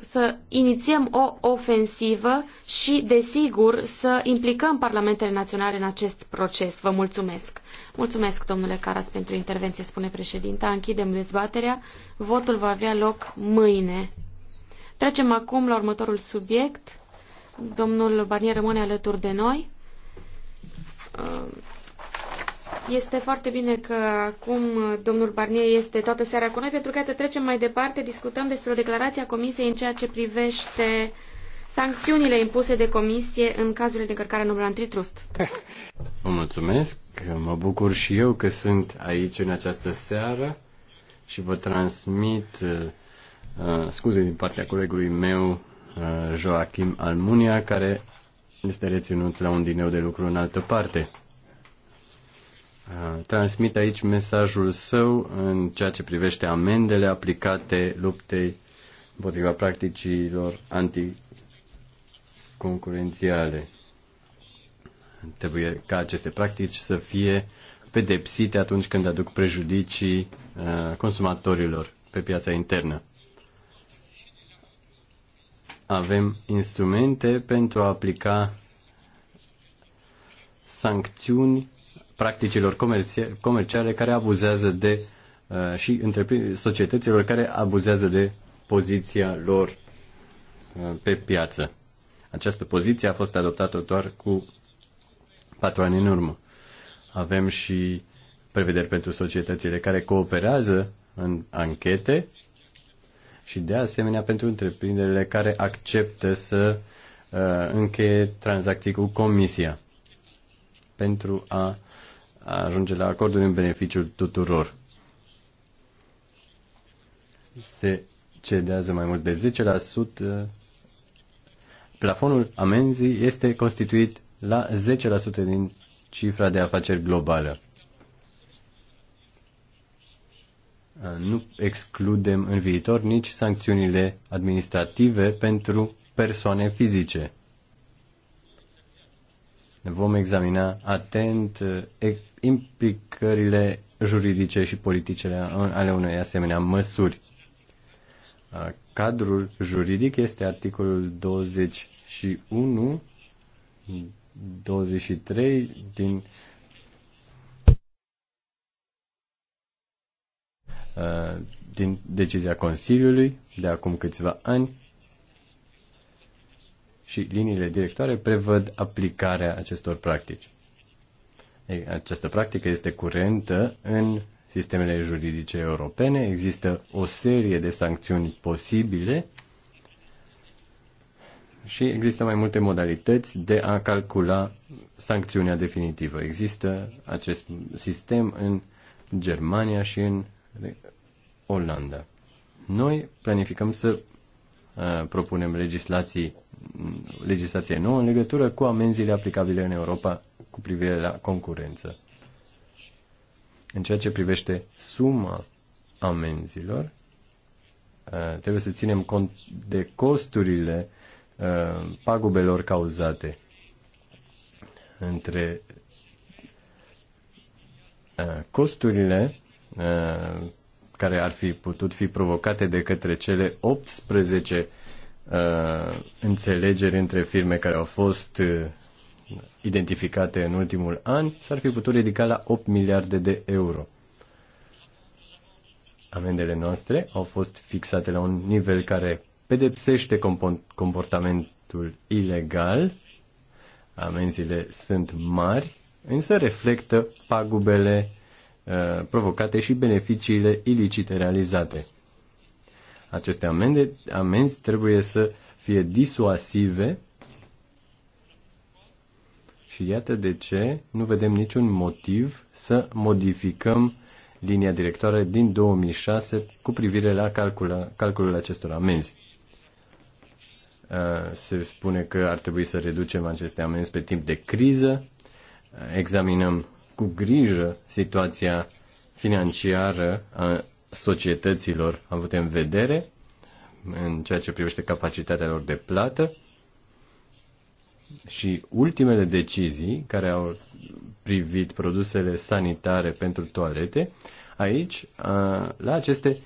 să inițiem o ofensivă și, desigur, să implicăm parlamentele naționale în acest proces. Vă mulțumesc. Mulțumesc, domnule Caras, pentru intervenție, spune președinta. Închidem dezbaterea. Votul va avea loc mâine. Trecem acum la următorul subiect. Domnul Barnier rămâne alături de noi. Este foarte bine că acum domnul Barnier este toată seara cu noi, pentru că iată trecem mai departe, discutăm despre o declarație a Comisiei în ceea ce privește sancțiunile impuse de Comisie în cazul de încărcare în antitrust. Vă mulțumesc, mă bucur și eu că sunt aici în această seară și vă transmit uh, uh scuze din partea colegului meu, uh, Joachim Almunia, care este reținut la un dineu de lucru în altă parte. Uh, transmit aici mesajul său în ceea ce privește amendele aplicate luptei împotriva practicilor anticoncurențiale. Trebuie ca aceste practici să fie pedepsite atunci când aduc prejudicii uh, consumatorilor pe piața internă. Avem instrumente pentru a aplica sancțiuni practicilor comerciale care abuzează de uh, și societăților care abuzează de poziția lor uh, pe piață. Această poziție a fost adoptată doar cu patru ani în urmă. Avem și prevederi pentru societățile care cooperează în anchete și de asemenea pentru întreprinderile care acceptă să uh, încheie tranzacții cu comisia pentru a ajunge la acordul în beneficiul tuturor. Se cedează mai mult de 10%. Plafonul amenzii este constituit la 10% din cifra de afaceri globală. Nu excludem în viitor nici sancțiunile administrative pentru persoane fizice. Vom examina atent eh, implicările juridice și politice ale unei asemenea măsuri. Cadrul juridic este articolul 21 23 din din decizia Consiliului de acum câțiva ani și liniile directoare prevăd aplicarea acestor practici. Această practică este curentă în sistemele juridice europene. Există o serie de sancțiuni posibile și există mai multe modalități de a calcula sancțiunea definitivă. Există acest sistem în Germania și în Olanda. Noi planificăm să uh, propunem legislații, legislație nouă în legătură cu amenziile aplicabile în Europa cu privire la concurență. În ceea ce privește suma amenzilor, uh, trebuie să ținem cont de costurile uh, pagubelor cauzate între uh, costurile care ar fi putut fi provocate de către cele 18 înțelegeri între firme care au fost identificate în ultimul an s-ar fi putut ridica la 8 miliarde de euro. Amendele noastre au fost fixate la un nivel care pedepsește comportamentul ilegal. Amenzile sunt mari, însă reflectă pagubele uh, provocate și beneficiile ilicite realizate. Aceste amende, amenzi trebuie să fie disuasive și iată de ce nu vedem niciun motiv să modificăm linia directoare din 2006 cu privire la calcula, calculul acestor amenzi. Uh, se spune că ar trebui să reducem aceste amenzi pe timp de criză. Uh, examinăm cu grijă situația financiară a societăților avute în vedere în ceea ce privește capacitatea lor de plată și ultimele decizii care au privit produsele sanitare pentru toalete, aici, la aceste,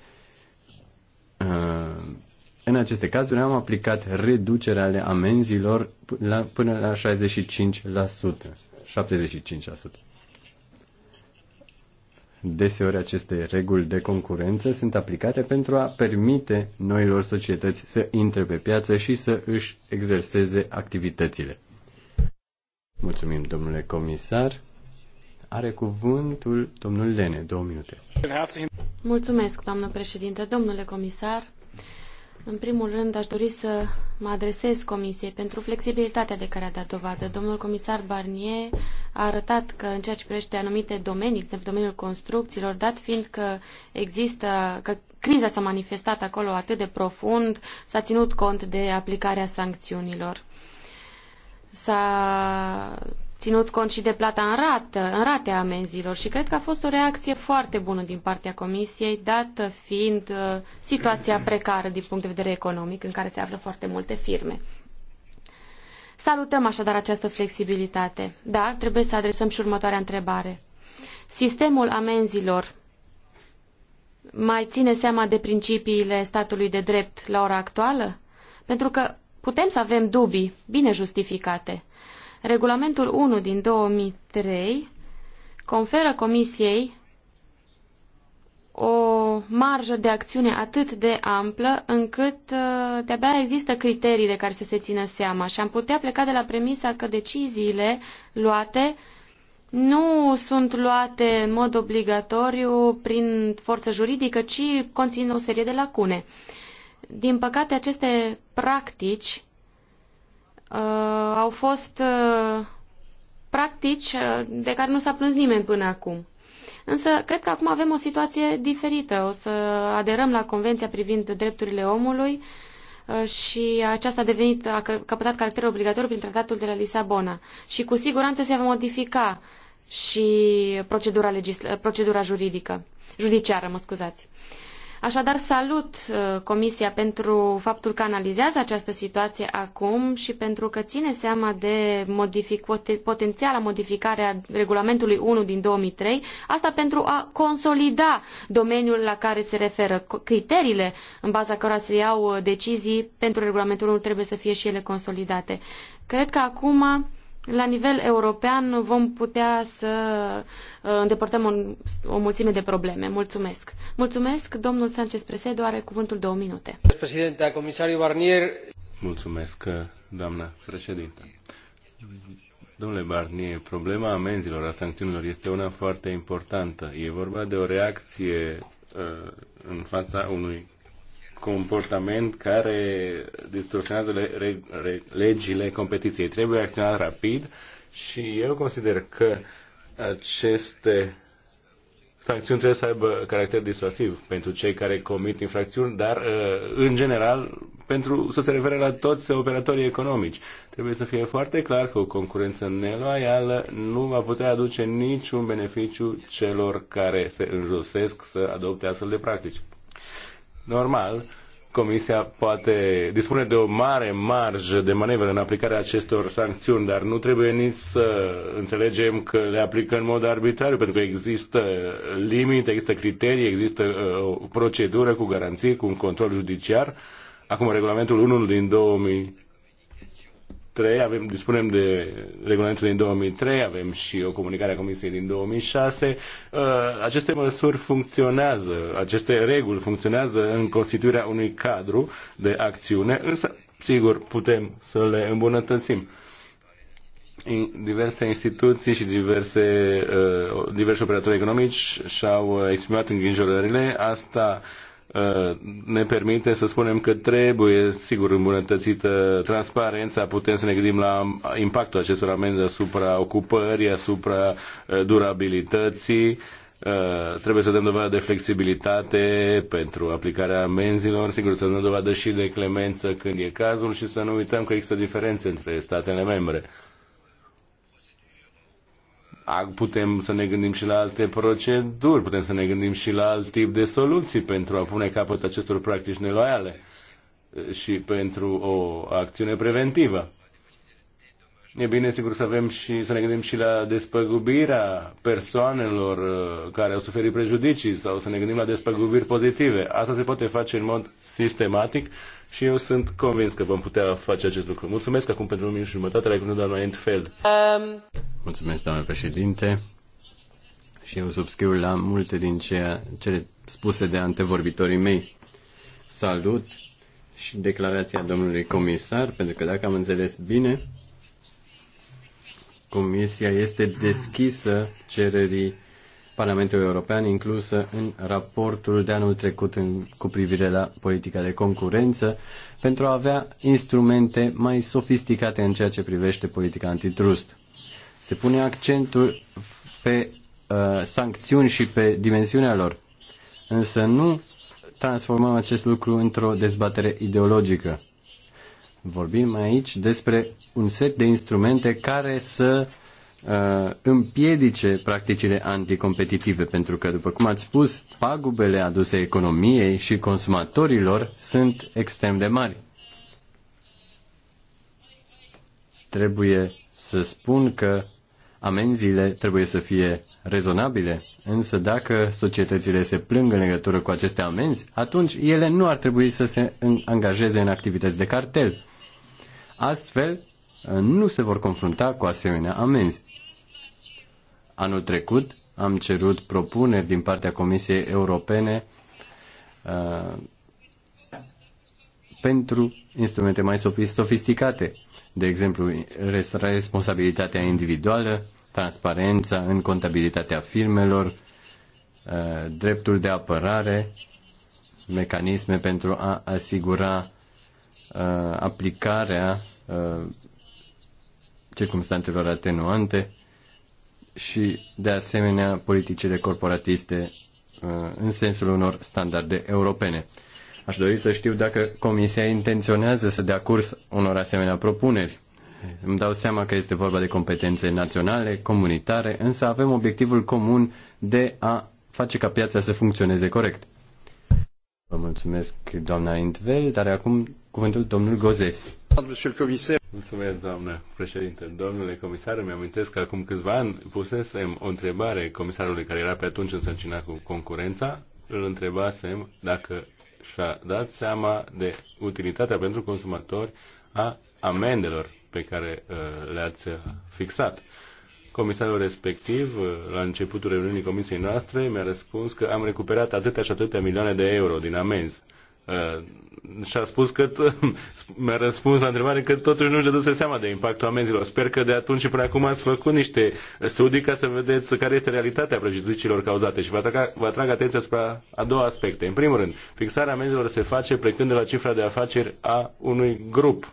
în aceste cazuri am aplicat reducerea ale amenzilor la, până la 65%, 75%. Deseori aceste reguli de concurență sunt aplicate pentru a permite noilor societăți să intre pe piață și să își exerseze activitățile. Mulțumim, domnule comisar. Are cuvântul domnul Lene, două minute. Mulțumesc, doamnă președinte, domnule comisar. În primul rând, aș dori să mă adresez Comisiei pentru flexibilitatea de care a dat dovadă. Domnul comisar Barnier a arătat că în ceea ce privește anumite domenii, de exemplu domeniul construcțiilor, dat fiind că există, că criza s-a manifestat acolo atât de profund, s-a ținut cont de aplicarea sancțiunilor. S-a ținut cont și de plata în, rată, în rate a amenzilor și cred că a fost o reacție foarte bună din partea Comisiei, dată fiind uh, situația precară din punct de vedere economic în care se află foarte multe firme. Salutăm așadar această flexibilitate, dar trebuie să adresăm și următoarea întrebare. Sistemul amenzilor mai ține seama de principiile statului de drept la ora actuală? Pentru că putem să avem dubii bine justificate Regulamentul 1 din 2003 conferă Comisiei o marjă de acțiune atât de amplă încât uh, de-abia există criterii de care să se țină seama și am putea pleca de la premisa că deciziile luate nu sunt luate în mod obligatoriu prin forță juridică, ci conțin o serie de lacune. Din păcate, aceste practici uh, au fost uh, practici uh, de care nu s-a plâns nimeni până acum. Însă, cred că acum avem o situație diferită. O să aderăm la Convenția privind drepturile omului uh, și aceasta a devenit, a căpătat caracter obligatoriu prin tratatul de la Lisabona. Și cu siguranță se va modifica și procedura, procedura juridică, judiciară, mă scuzați. Uh, Așadar, salut uh, Comisia pentru faptul că analizează această situație acum și pentru că ține seama de modific, potențiala modificare a regulamentului 1 din 2003, asta pentru a consolida domeniul la care se referă. Criteriile în baza cărora se iau uh, decizii pentru regulamentul 1 trebuie să fie și ele consolidate. Cred că acum la nivel european vom putea să uh, îndepărtăm o, o mulțime de probleme. Mulțumesc. Mulțumesc. Domnul Sanchez Presedo are cuvântul două minute. Președinte, comisarul Barnier. Mulțumesc, doamna președinte. Domnule Barnier, problema amenzilor, a sancțiunilor este una foarte importantă. E vorba de o reacție uh, în fața unui comportament care distorsionează le, re, re, legile competiției. Trebuie acționat rapid și eu consider că aceste sancțiuni trebuie să aibă caracter disuasiv pentru cei care comit infracțiuni, dar uh, în general pentru să se refere la toți operatorii economici. Trebuie să fie foarte clar că o concurență neloială nu va putea aduce niciun beneficiu celor care se înjosesc să adopte astfel de practici normal, Comisia poate dispune de o mare marjă de manevră în aplicarea acestor sancțiuni, dar nu trebuie nici să înțelegem că le aplică în mod arbitrariu, pentru că există limite, există criterii, există uh, o procedură cu garanții, cu un control judiciar. Acum, regulamentul 1 din 2000 2003, avem, dispunem de regulamentul din 2003, avem și o comunicare a Comisiei din 2006. Uh, aceste măsuri funcționează, aceste reguli funcționează în constituirea unui cadru de acțiune, însă, sigur, putem să le îmbunătățim diverse instituții și diverse, uh, diverse operatori economici și-au exprimat îngrijorările. Asta Uh, ne permite să spunem că trebuie, sigur, îmbunătățită transparența, putem să ne gândim la impactul acestor amenzi asupra ocupării, asupra uh, durabilității, uh, trebuie să dăm dovadă de flexibilitate pentru aplicarea amenzilor, sigur să dăm dovadă și de clemență când e cazul și să nu uităm că există diferențe între statele membre putem să ne gândim și la alte proceduri, putem să ne gândim și la alt tip de soluții pentru a pune capăt acestor practici neloiale și pentru o acțiune preventivă. E bine, sigur, să avem și să ne gândim și la despăgubirea persoanelor uh, care au suferit prejudicii sau să ne gândim la despăgubiri pozitive. Asta se poate face în mod sistematic și eu sunt convins că vom putea face acest lucru. Mulțumesc acum pentru un minut și jumătate la cuvântul doamna Entfeld. Um... Mulțumesc, doamne președinte. Și eu subscriu la multe din ceea, cele spuse de antevorbitorii mei. Salut și declarația domnului comisar, pentru că dacă am înțeles bine, comisia este deschisă cererii Parlamentului European inclusă în raportul de anul trecut în, cu privire la politica de concurență pentru a avea instrumente mai sofisticate în ceea ce privește politica antitrust. Se pune accentul pe uh, sancțiuni și pe dimensiunea lor, însă nu transformăm acest lucru într-o dezbatere ideologică. Vorbim aici despre un set de instrumente care să uh, împiedice practicile anticompetitive, pentru că, după cum ați spus, pagubele aduse economiei și consumatorilor sunt extrem de mari. Trebuie să spun că amenziile trebuie să fie rezonabile, însă dacă societățile se plâng în legătură cu aceste amenzi, atunci ele nu ar trebui să se angajeze în activități de cartel. Astfel, nu se vor confrunta cu asemenea amenzi. Anul trecut am cerut propuneri din partea Comisiei Europene uh, pentru instrumente mai sofisticate, de exemplu responsabilitatea individuală, transparența în contabilitatea firmelor, uh, dreptul de apărare, mecanisme pentru a asigura uh, aplicarea uh, circumstanțelor atenuante și, de asemenea, politicile corporatiste uh, în sensul unor standarde europene. Aș dori să știu dacă Comisia intenționează să dea curs unor asemenea propuneri. Îmi dau seama că este vorba de competențe naționale, comunitare, însă avem obiectivul comun de a face ca piața să funcționeze corect. Vă mulțumesc, doamna Intvel, dar acum cuvântul domnul Gozes. Monsieur le Mulțumesc, doamnă președinte. Domnule comisar, îmi amintesc că acum câțiva ani pusesem o întrebare comisarului care era pe atunci însărcinat cu concurența. Îl întrebasem dacă și-a dat seama de utilitatea pentru consumatori a amendelor pe care uh, le-ați fixat. Comisarul respectiv, uh, la începutul reuniunii comisiei noastre, mi-a răspuns că am recuperat atâtea și atâtea milioane de euro din amenzi. Uh, și a spus că mi-a răspuns la întrebare că totuși nu-și dăduse seama de impactul amenzilor. Sper că de atunci și până acum ați făcut niște studii ca să vedeți care este realitatea prejudiciilor cauzate și vă, atrag, vă atrag atenția asupra a două aspecte. În primul rând, fixarea amenzilor se face plecând de la cifra de afaceri a unui grup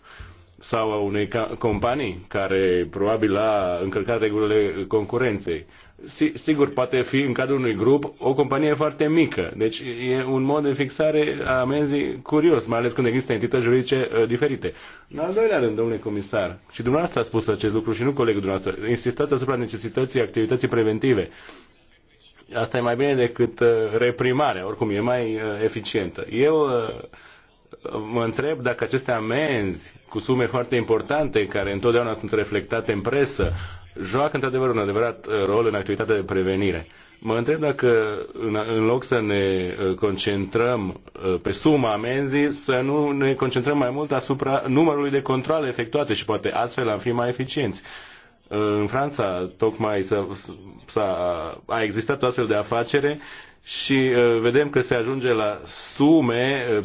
sau a unei companii care probabil a încălcat regulile concurenței. Sigur, poate fi în cadrul unui grup o companie foarte mică. Deci e un mod de fixare a amenzii curios, mai ales când există entități juridice uh, diferite. În al doilea rând, domnule comisar, și dumneavoastră a spus acest lucru și nu colegul dumneavoastră, insistați asupra necesității activității preventive asta e mai bine decât uh, reprimarea, oricum e mai uh, eficientă. Eu mă întreb dacă aceste amenzi cu sume foarte importante, care întotdeauna sunt reflectate în presă, joacă într-adevăr un adevărat uh, rol în activitatea de prevenire. Mă întreb dacă, în loc să ne uh, concentrăm uh, pe suma amenzii, să nu ne concentrăm mai mult asupra numărului de controle efectuate și poate astfel am fi mai eficienți. În Franța, tocmai s-a, s-a, a existat o astfel de afacere și uh, vedem că se ajunge la sume uh,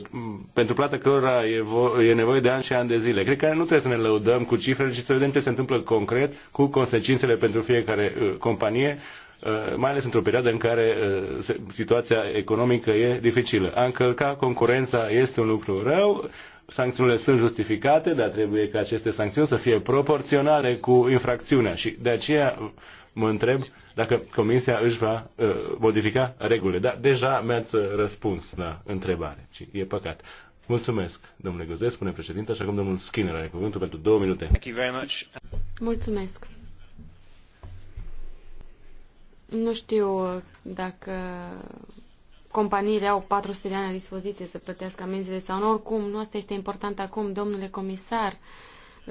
pentru plata cărora e, vo- e nevoie de ani și ani de zile. Cred că nu trebuie să ne lăudăm cu cifrele, ci să vedem ce se întâmplă concret, cu consecințele pentru fiecare uh, companie, Uh, mai ales într-o perioadă în care uh, situația economică e dificilă. A încălca concurența este un lucru rău, sancțiunile sunt justificate, dar trebuie ca aceste sancțiuni să fie proporționale cu infracțiunea și de aceea mă întreb dacă Comisia își va uh, modifica regulile. Dar deja mi-ați răspuns la întrebare și e păcat. Mulțumesc, domnule Găzduie, spune președinte, așa cum domnul Skinner are cuvântul pentru două minute. Mulțumesc. Nu știu dacă companiile au 400 de ani la dispoziție să plătească amenziile sau nu. Oricum, nu asta este important acum, domnule comisar.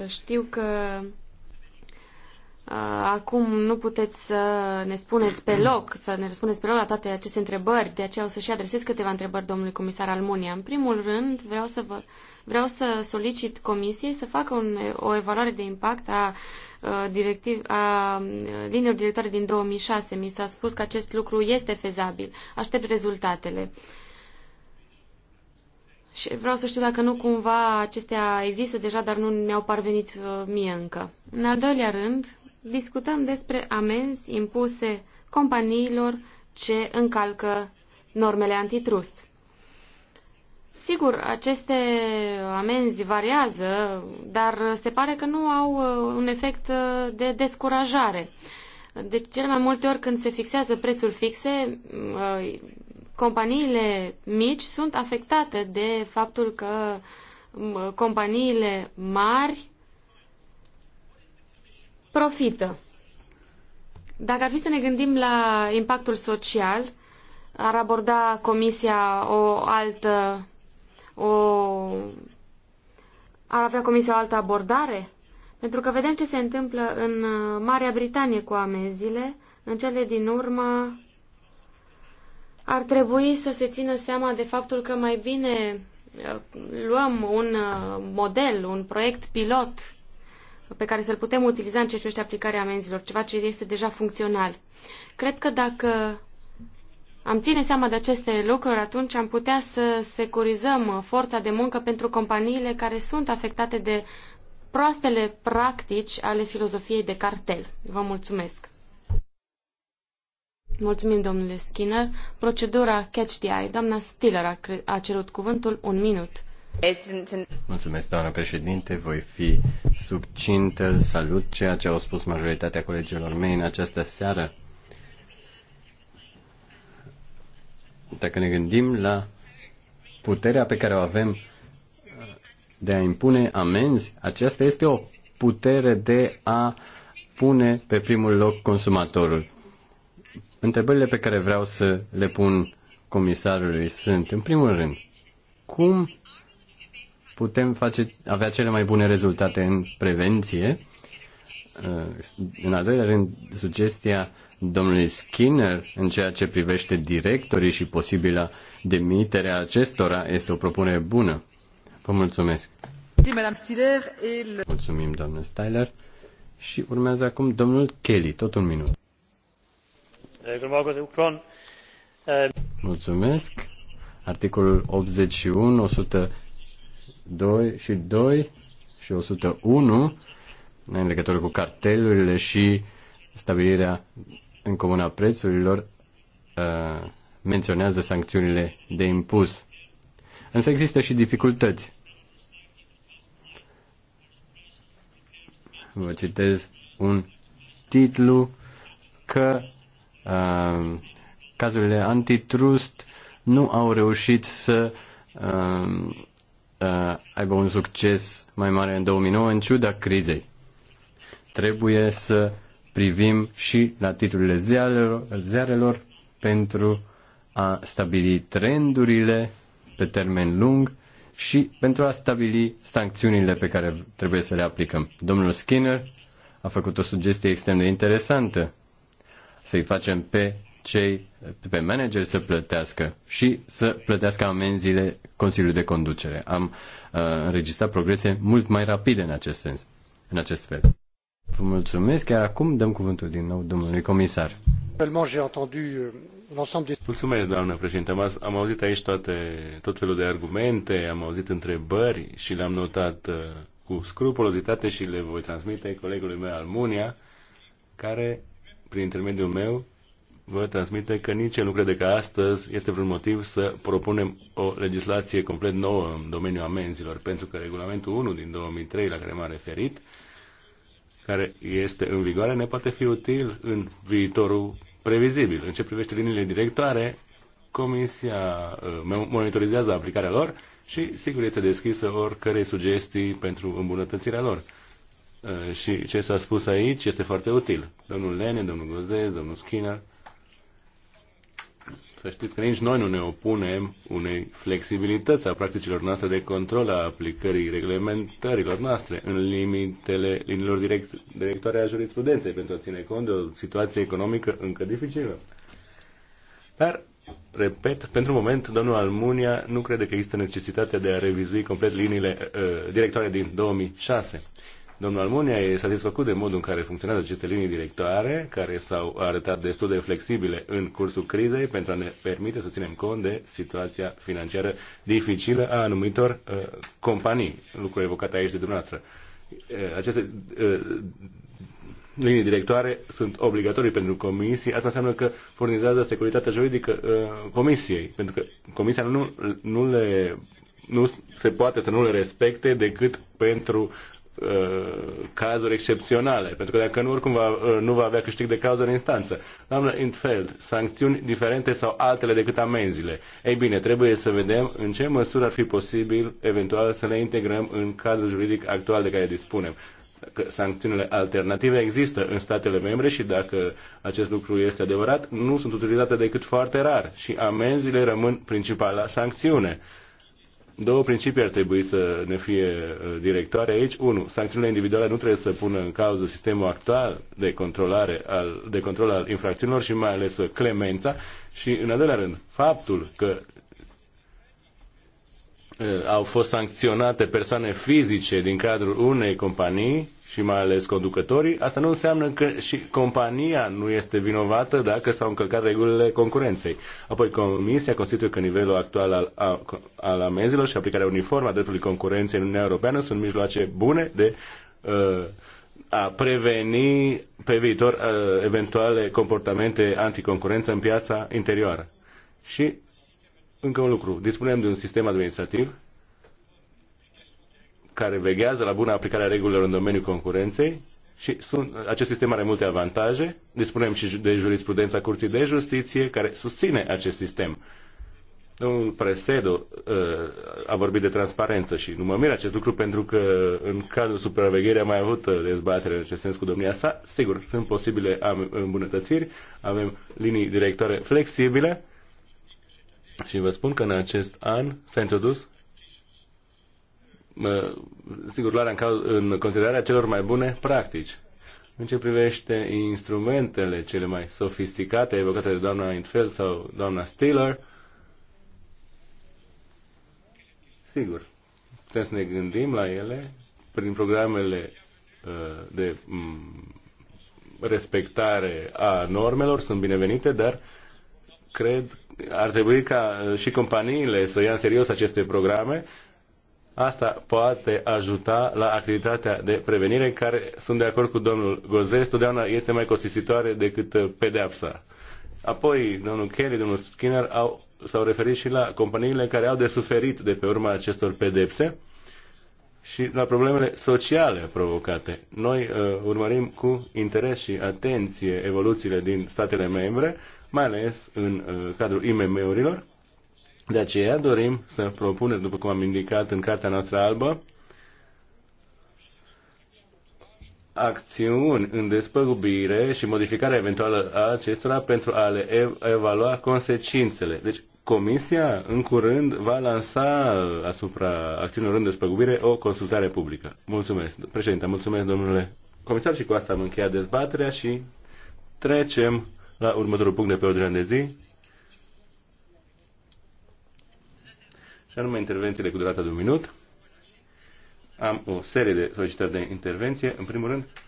Știu că Uh, acum nu puteți să ne spuneți pe loc, să ne răspundeți pe loc la toate aceste întrebări, de aceea o să-și adresez câteva întrebări domnului comisar Almunia. În primul rând, vreau să, vă, vreau să solicit comisiei să facă un, o evaluare de impact a, uh, directiv, a uh, liniilor directoare din 2006. Mi s-a spus că acest lucru este fezabil. Aștept rezultatele. Și vreau să știu dacă nu cumva acestea există deja, dar nu mi-au parvenit mie încă. În al doilea rând, discutăm despre amenzi impuse companiilor ce încalcă normele antitrust. Sigur, aceste amenzi variază, dar se pare că nu au uh, un efect uh, de descurajare. De deci, cele mai multe ori când se fixează prețul fixe, uh, companiile mici sunt afectate de faptul că companiile mari profită. Dacă ar fi să ne gândim la impactul social, ar aborda comisia o altă o ar avea comisia o altă abordare? Pentru că vedem ce se întâmplă în uh, Marea Britanie cu amenziile, în cele din urmă ar trebui să se țină seama de faptul că mai bine uh, luăm un uh, model, un proiect pilot pe care să-l putem utiliza în ceea ce privește aplicarea amenzilor, ceva ce este deja funcțional. Cred că dacă am ține seama de aceste lucruri, atunci am putea să securizăm forța de muncă pentru companiile care sunt afectate de proastele practici ale filozofiei de cartel. Vă mulțumesc! Mulțumim, domnule Skinner. Procedura Catch the Eye. Doamna Stiller a, a cerut cuvântul un minut. Mulțumesc, doamnă președinte. Voi fi subcintă. Salut ceea ce au spus majoritatea colegilor mei în această seară. Dacă ne gândim la puterea pe care o avem de a impune amenzi, aceasta este o putere de a pune pe primul loc consumatorul. Întrebările pe care vreau să le pun comisarului sunt, în primul rând, cum putem face, avea cele mai bune rezultate în prevenție. Uh, în al doilea rând, sugestia domnului Skinner în ceea ce privește directorii și posibila demiterea acestora este o propunere bună. Vă mulțumesc. Mulțumim, doamnă Styler. Și urmează acum domnul Kelly, tot un minut. Mulțumesc. Articolul 81, 100 2 și 2 și 101 în legătură cu cartelurile și stabilirea în comuna prețurilor uh, menționează sancțiunile de impus. Însă există și dificultăți. Vă citez un titlu că uh, cazurile antitrust nu au reușit să uh, uh, aibă un succes mai mare în 2009 în ciuda crizei. Trebuie să privim și la titlurile ziarelor, ziarelor pentru a stabili trendurile pe termen lung și pentru a stabili sancțiunile pe care trebuie să le aplicăm. Domnul Skinner a făcut o sugestie extrem de interesantă. Să-i facem pe cei pe manageri să plătească și să plătească amenziile Consiliului de Conducere. Am uh, înregistrat progrese mult mai rapide în acest sens, în acest fel. Vă mulțumesc, iar acum dăm cuvântul din nou domnului comisar. Euh, mulțumesc, doamnă președinte. Am, am auzit aici toate, tot felul de argumente, am auzit întrebări și le-am notat uh, cu scrupulozitate și le voi transmite colegului meu Almunia, care, prin intermediul meu, vă transmite că nici eu nu crede că astăzi este vreun motiv să propunem o legislație complet nouă în domeniul amenzilor, pentru că regulamentul 1 din 2003 la care m-am referit, care este în vigoare, ne poate fi util în viitorul previzibil. În ce privește liniile directoare, Comisia uh, monitorizează aplicarea lor și, sigur, este deschisă oricărei sugestii pentru îmbunătățirea lor. Uh, și ce s-a spus aici este foarte util. Domnul Lene, domnul Gozez, domnul Skinner să știți că nici noi nu ne opunem unei flexibilități a practicilor noastre de control a aplicării reglementărilor noastre în limitele liniilor direct, directoare a jurisprudenței pentru a ține cont de o situație economică încă dificilă. Dar, repet, pentru moment, domnul Almunia nu crede că există necesitatea de a revizui complet liniile uh, directoare din 2006. Domnul Almunia e satisfăcut de modul în care funcționează aceste linii directoare, care s-au arătat destul de flexibile în cursul crizei pentru a ne permite să ținem cont de situația financiară dificilă a anumitor uh, companii, lucru evocat aici de dumneavoastră. Uh, aceste uh, linii directoare sunt obligatorii pentru comisii, asta înseamnă că furnizează securitatea juridică uh, comisiei, pentru că comisia nu, nu le nu se poate să nu le respecte decât pentru Uh, cazuri excepționale, pentru că dacă nu, oricum va, uh, nu va avea câștig de cauză în instanță. Doamnă Intfeld, sancțiuni diferente sau altele decât amenziile. Ei bine, trebuie să vedem în ce măsură ar fi posibil, eventual, să le integrăm în cadrul juridic actual de care dispunem. Că sancțiunile alternative există în statele membre și dacă acest lucru este adevărat, nu sunt utilizate decât foarte rar și amenziile rămân principala sancțiune Două principii ar trebui să ne fie uh, directoare aici. Unu, sancțiunile individuale nu trebuie să pună în cauză sistemul actual de, controlare al, de control al infracțiunilor și mai ales uh, clemența. Și, în al doilea rând, faptul că Eh, au fost sancționate persoane fizice din cadrul unei companii și mai ales conducătorii, asta nu înseamnă că și compania nu este vinovată dacă s-au încălcat regulile concurenței. Apoi, Comisia constituie că nivelul actual al, al amenzilor și aplicarea uniformă a dreptului concurenței în Uniunea Europeană sunt mijloace bune de uh, a preveni pe viitor uh, eventuale comportamente anticoncurență în piața interioară. Și încă un lucru. Dispunem de un sistem administrativ care veghează la bună aplicare a regulilor în domeniul concurenței și sunt, acest sistem are multe avantaje. Dispunem și de jurisprudența Curții de Justiție care susține acest sistem. Domnul Presedo uh, a vorbit de transparență și nu mă mir acest lucru pentru că în cadrul supravegherii am mai avut uh, dezbatere în acest sens cu domnia sa. Sigur, sunt posibile îmbunătățiri, avem linii directoare flexibile și vă spun că în acest an s-a introdus sigur, luarea în, cauz, în considerarea celor mai bune practici. În ce privește instrumentele cele mai sofisticate evocate de doamna Intfeld sau doamna Steeler, sigur, putem să ne gândim la ele prin programele uh, de um, respectare a normelor, sunt binevenite, dar uh, cred ar trebui ca uh, și companiile să ia în serios aceste programe. Asta poate ajuta la activitatea de prevenire, care, sunt de acord cu domnul Gozes, totdeauna este mai costisitoare decât uh, pedeapsa. Apoi, domnul Kelly, domnul Skinner au, s-au referit și la companiile care au de suferit de pe urma acestor pedepse și la problemele sociale provocate. Noi uh, urmărim cu interes și atenție evoluțiile din statele membre, mai ales în uh, cadrul IMM-urilor. De aceea dorim să propunem, după cum am indicat în cartea noastră albă, acțiuni în despăgubire și modificarea eventuală a acestora pentru a le evalua consecințele. Deci, Comisia, în curând, va lansa asupra acțiunilor în despăgubire o consultare publică. Mulțumesc, președinte, mulțumesc, domnule comisar, și cu asta am încheiat dezbaterea și trecem la următorul punct de pe ordinea de zi. Și anume intervențiile cu durata de un minut. Am o serie de solicitări de intervenție. În primul rând,